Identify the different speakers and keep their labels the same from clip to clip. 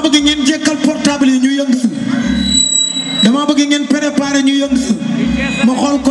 Speaker 1: dama bëgg ngeen jekkal portable yi ñu yëngal dama bëgg ngeen préparer ñu yëngal ma xool ko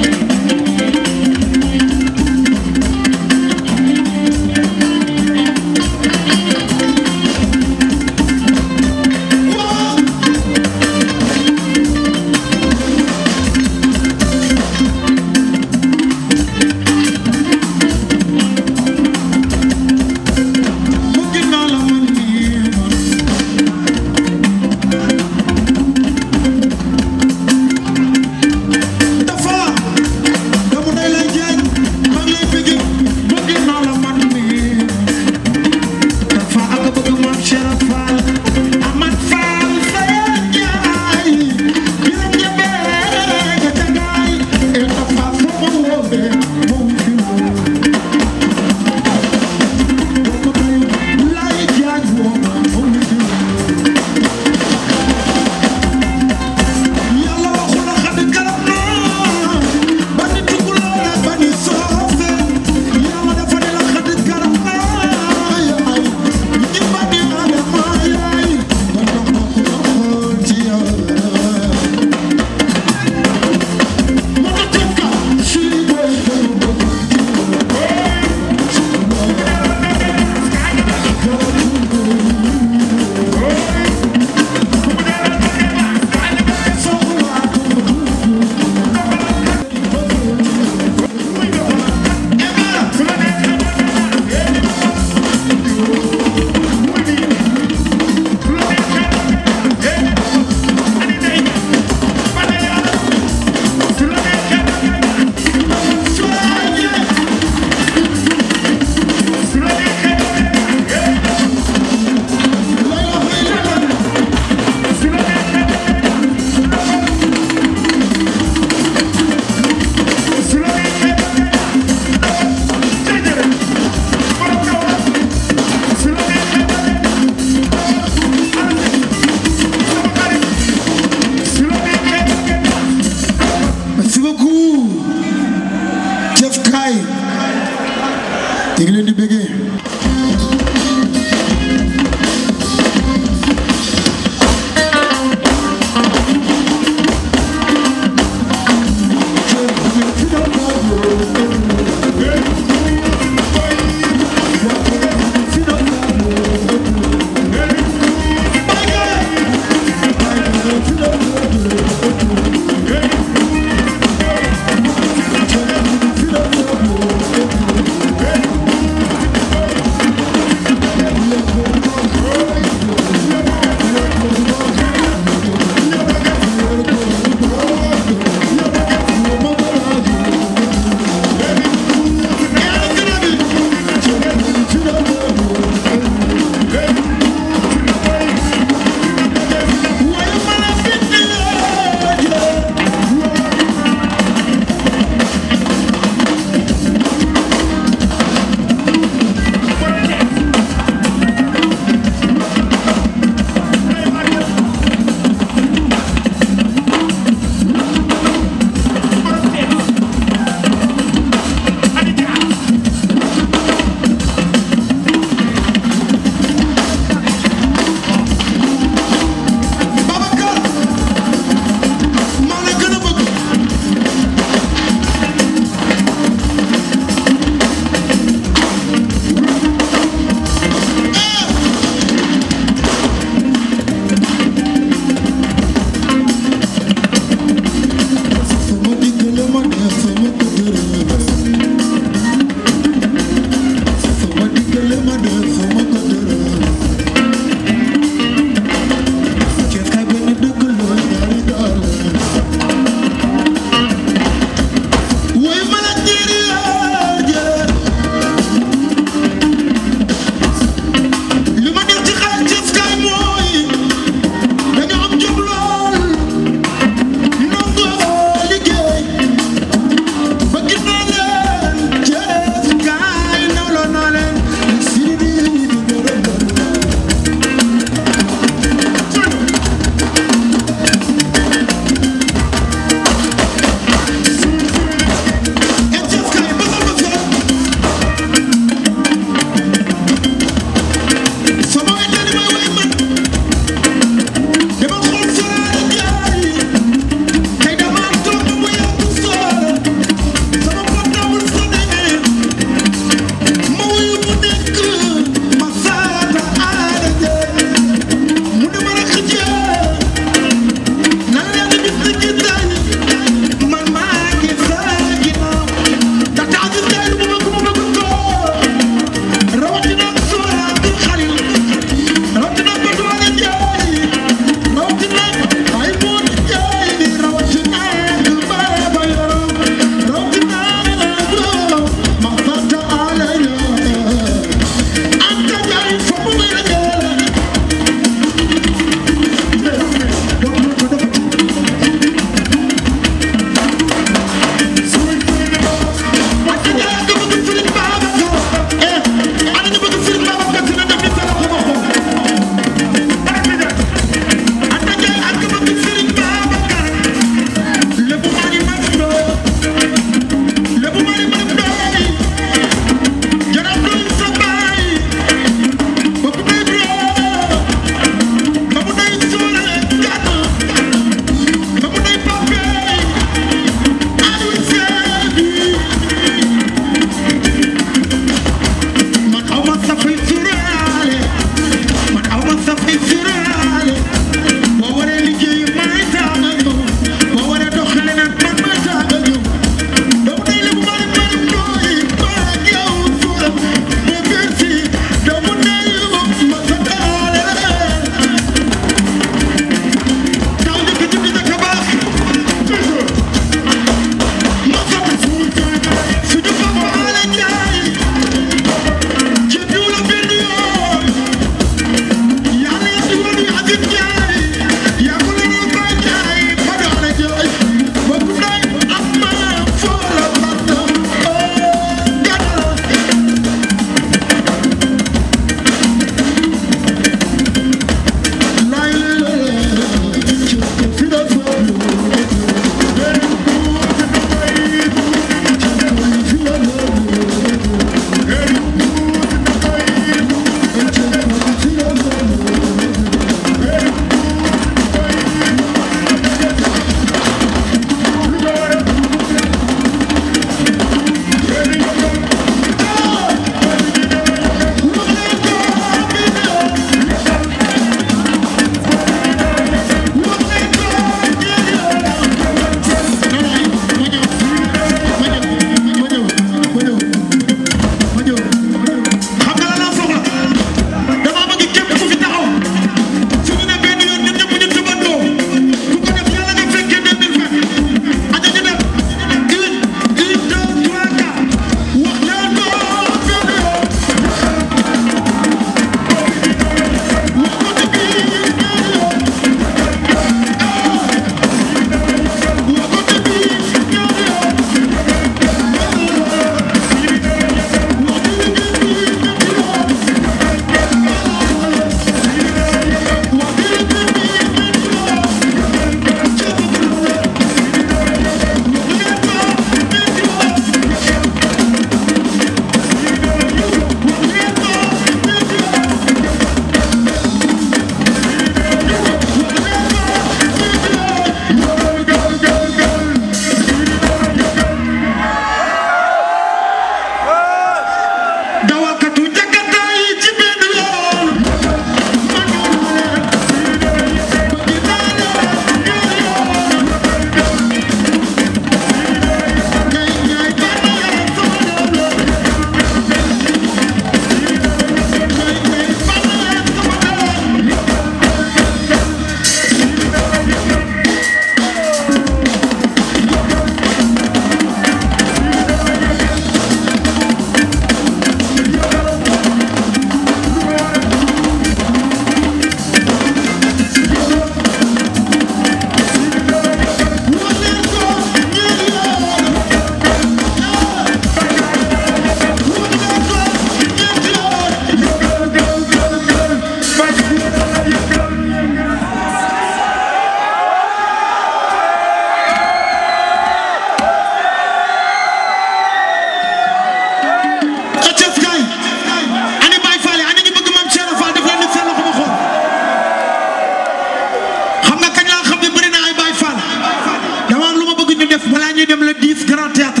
Speaker 1: ngay dem le 10 grand théâtre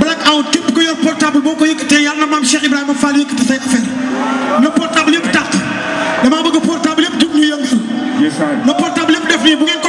Speaker 1: black out képp ko yor portable boo ko yëkkatee yàlla na maam Cheikh Ibrahima Fall yëkkati say affaire na portable yëpp tàq damaa bëgg portable yëpp jub ñu yëngal na portable yëpp def nii bu ngeen